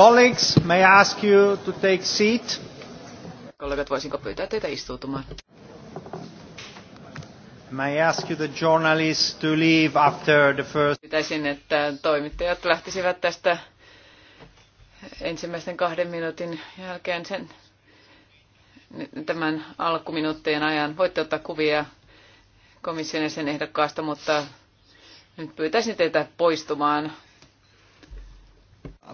Colleagues, may I ask you to take seat? Kollegat, voisinko pyytää teitä istuutumaan? May I ask you the journalists to leave after the first... Pitäisin, että toimittajat lähtisivät tästä ensimmäisten kahden minuutin jälkeen sen tämän alkuminuuttien ajan. Voitte ottaa kuvia komission sen ehdokkaasta, mutta nyt pyytäisin teitä poistumaan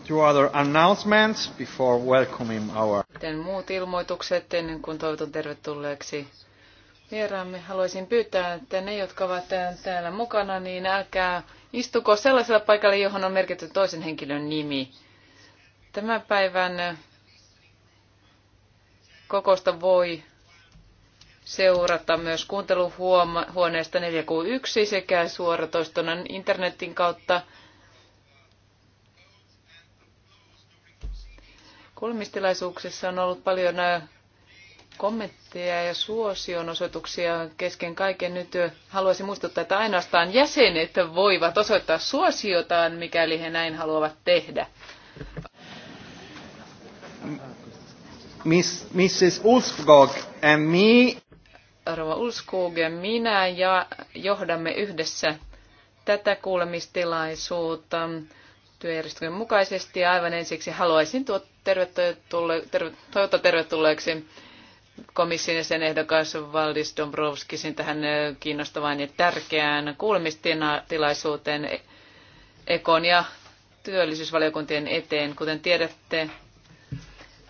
two other announcements before welcoming our... muut ilmoitukset ennen kuin toivotan tervetulleeksi vieraamme. Haluaisin pyytää, että ne, jotka ovat täällä mukana, niin älkää istuko sellaisella paikalla, johon on merkitty toisen henkilön nimi. Tämän päivän kokosta voi seurata myös kuunteluhuoneesta 4Q1 sekä suoratoistona internetin kautta – Kuulemistilaisuuksissa on ollut paljon äh, kommentteja ja suosionosoituksia kesken kaiken. Nyt äh, haluaisin muistuttaa, että ainoastaan jäsenet voivat osoittaa suosiotaan, mikäli he näin haluavat tehdä. Miss, Mrs. Ulskog and me. Arvo Ulskog ja minä ja johdamme yhdessä tätä kuulemistilaisuutta työjärjestöjen mukaisesti. Ja aivan ensiksi haluaisin tuo toivottaa tervetulleeksi komission sen ehdokas Valdis Dombrovskisin tähän kiinnostavaan ja tärkeään kuulemistilaisuuteen Ekon ja työllisyysvaliokuntien eteen. Kuten tiedätte,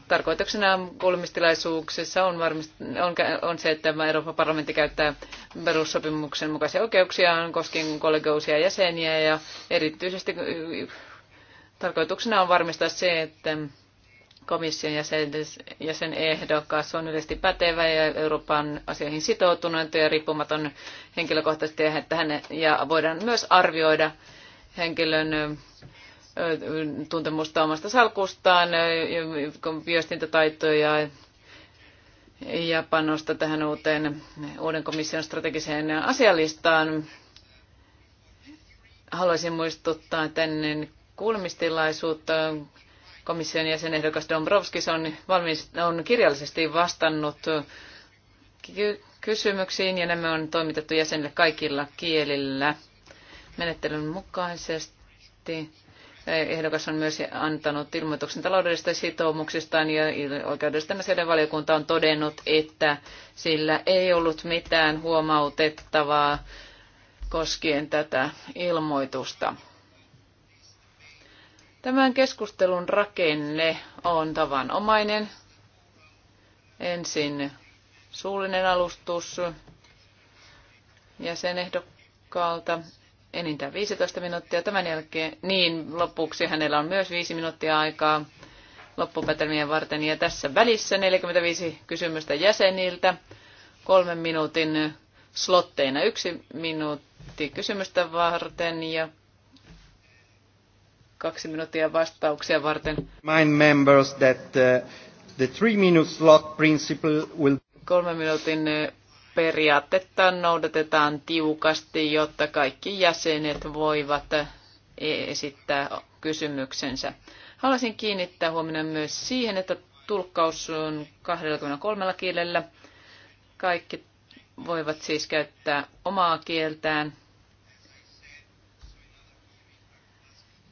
tarkoituksena kuulemistilaisuuksessa on, varmist, on, on se, että Euroopan parlamentti käyttää perussopimuksen mukaisia oikeuksiaan koskien kollegoisia jäseniä ja erityisesti Tarkoituksena on varmistaa se, että komission jäsen, ehdokas on yleisesti pätevä ja Euroopan asioihin sitoutunut ja riippumaton henkilökohtaisesti että hän, ja voidaan myös arvioida henkilön tuntemusta omasta salkustaan, viestintätaitoja ja panosta tähän uuteen, uuden komission strategiseen asialistaan. Haluaisin muistuttaa, että ennen kuulemistilaisuutta komission jäsenehdokas Dombrovskis on, valmis, on kirjallisesti vastannut ky- kysymyksiin ja nämä on toimitettu jäsenille kaikilla kielillä menettelyn mukaisesti. Ehdokas on myös antanut ilmoituksen taloudellisista sitoumuksistaan ja oikeudellisten asioiden valiokunta on todennut, että sillä ei ollut mitään huomautettavaa koskien tätä ilmoitusta. Tämän keskustelun rakenne on tavanomainen. Ensin suullinen alustus jäsenehdokkaalta enintään 15 minuuttia. Tämän jälkeen, niin lopuksi hänellä on myös 5 minuuttia aikaa loppupätelmien varten. Ja tässä välissä 45 kysymystä jäseniltä, kolmen minuutin slotteina yksi minuutti kysymystä varten ja kaksi minuuttia vastauksia varten. Mind members that uh, the three minute slot principle will... Kolmen minuutin uh, periaatetta noudatetaan tiukasti, jotta kaikki jäsenet voivat uh, e-, esittää kysymyksensä. Haluaisin kiinnittää huomenna myös siihen, että tulkkaus on 23 kielellä. Kaikki voivat siis käyttää omaa kieltään.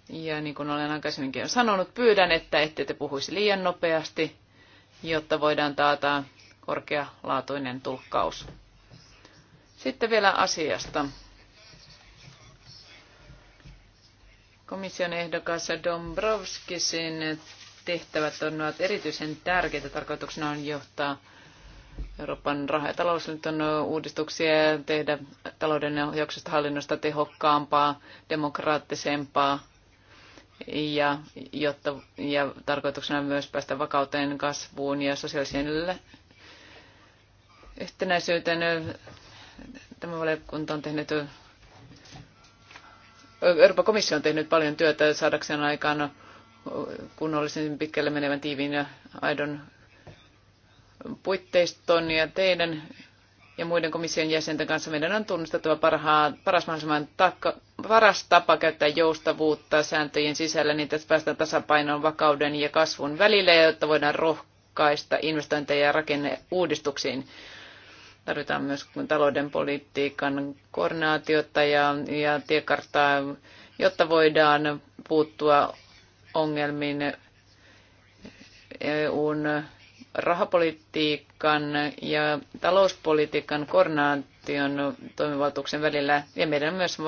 Ja niin kuin olen aikaisemminkin jo sanonut, pyydän, että ette te puhuisi liian nopeasti, jotta voidaan taata korkealaatuinen tulkkaus. Sitten vielä asiasta. Komission ehdokas Dombrovskisin tehtävät ovat erityisen tärkeitä. Tarkoituksena on johtaa Euroopan raha- ja talousliiton uudistuksia ja tehdä talouden ohjauksesta hallinnosta tehokkaampaa, demokraattisempaa ja, jotta, ja tarkoituksena myös päästä vakauteen, kasvuun ja sosiaaliseen yhtenäisyyteen. Tämä valiokunta on tehnyt, Euroopan komissio on tehnyt paljon työtä saadakseen aikaan kunnollisen pitkälle menevän tiiviin ja aidon puitteiston ja teidän ja muiden komission jäsenten kanssa meidän on tunnistettava paras, paras tapa käyttää joustavuutta sääntöjen sisällä, niin että päästään tasapainoon vakauden ja kasvun välillä, jotta voidaan rohkaista investointeja ja rakenneuudistuksiin. Tarvitaan myös talouden politiikan koordinaatiota ja, ja tiekarttaa, jotta voidaan puuttua ongelmiin EUn rahapolitiikan ja talouspolitiikan koordinaation toimivaltuuksien välillä ja meidän on myös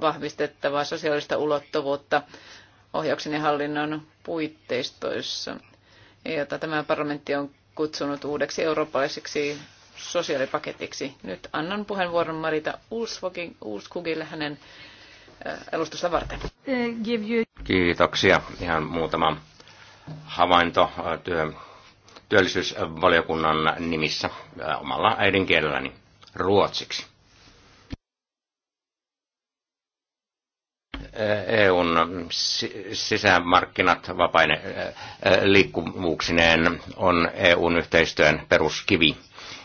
vahvistettava sosiaalista ulottuvuutta ohjauksen ja hallinnon puitteistoissa, jota tämä parlamentti on kutsunut uudeksi eurooppalaiseksi sosiaalipaketiksi. Nyt annan puheenvuoron Marita Ulskugille hänen äh, alustusta varten. Eh, Kiitoksia. Ihan muutama havainto äh, työ työllisyysvaliokunnan nimissä äh, omalla äidinkielelläni ruotsiksi. Äh, EUn sisämarkkinat vapaine äh, liikkuvuuksineen on EUn yhteistyön peruskivi.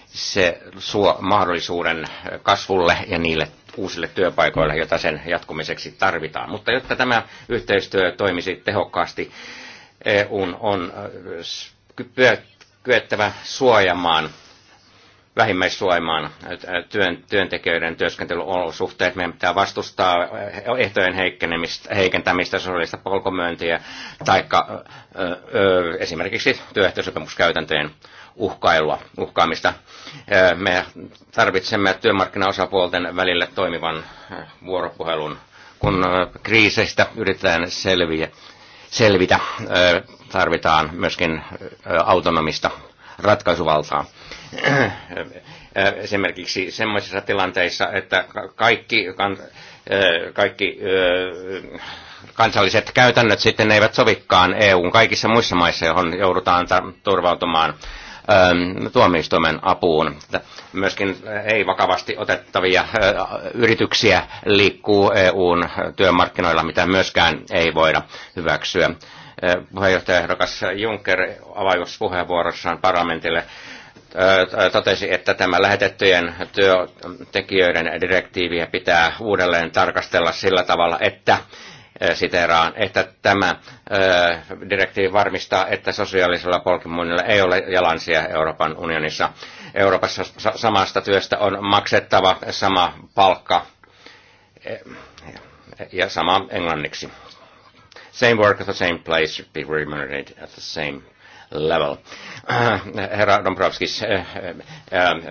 Se suo mahdollisuuden kasvulle ja niille uusille työpaikoille, joita sen jatkumiseksi tarvitaan. Mutta jotta tämä yhteistyö toimisi tehokkaasti, EUn on kyettävä suojamaan, vähimmäissuojamaan työn, työntekijöiden työskentelyolosuhteet. Meidän pitää vastustaa ehtojen heikentämistä, sosiaalista polkomyöntiä tai esimerkiksi työehtosopimuskäytäntöjen uhkailua, uhkaamista. Me tarvitsemme työmarkkinaosapuolten välille toimivan vuoropuhelun, kun kriiseistä yritetään selviä, selvitä. Tarvitaan myöskin autonomista ratkaisuvaltaa. Esimerkiksi sellaisissa tilanteissa, että kaikki, kaikki kansalliset käytännöt sitten eivät sovikaan EUn kaikissa muissa maissa, johon joudutaan turvautumaan Ähm, tuomioistuimen apuun. Myöskin äh, ei vakavasti otettavia äh, yrityksiä liikkuu EUn työmarkkinoilla, mitä myöskään ei voida hyväksyä. Äh, Puheenjohtajaehdokas Juncker avajuuspuheenvuorossaan parlamentille totesi, että tämä lähetettyjen työntekijöiden direktiiviä pitää uudelleen tarkastella sillä tavalla, että siteraan, että tämä direktiivi varmistaa, että sosiaalisella polkimuinnilla ei ole jalansia Euroopan unionissa. Euroopassa samasta työstä on maksettava sama palkka e, ja sama englanniksi. Same work at the same place be remunerated at the same level. Äh, herra Dombrovskis, äh, äh, ähm,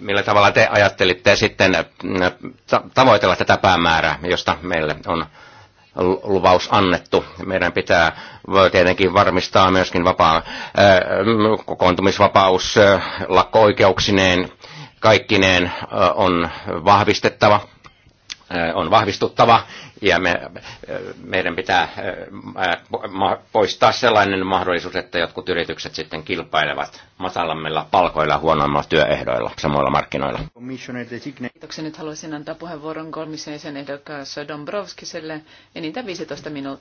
millä tavalla te ajattelitte sitten tavoitella tätä päämäärää, josta meille on luvaus annettu. Meidän pitää tietenkin varmistaa myöskin vapaa äh, kokoontumisvapaus äh, lakko-oikeuksineen, kaikkineen äh, on vahvistettava on vahvistuttava ja me, meidän pitää poistaa sellainen mahdollisuus, että jotkut yritykset sitten kilpailevat matalammilla palkoilla, huonoimmilla työehdoilla, samoilla markkinoilla. Kiitoksia. Nyt haluaisin antaa puheenvuoron komission ehdokkaan Dombrovskiselle enintään 15 minuuttia.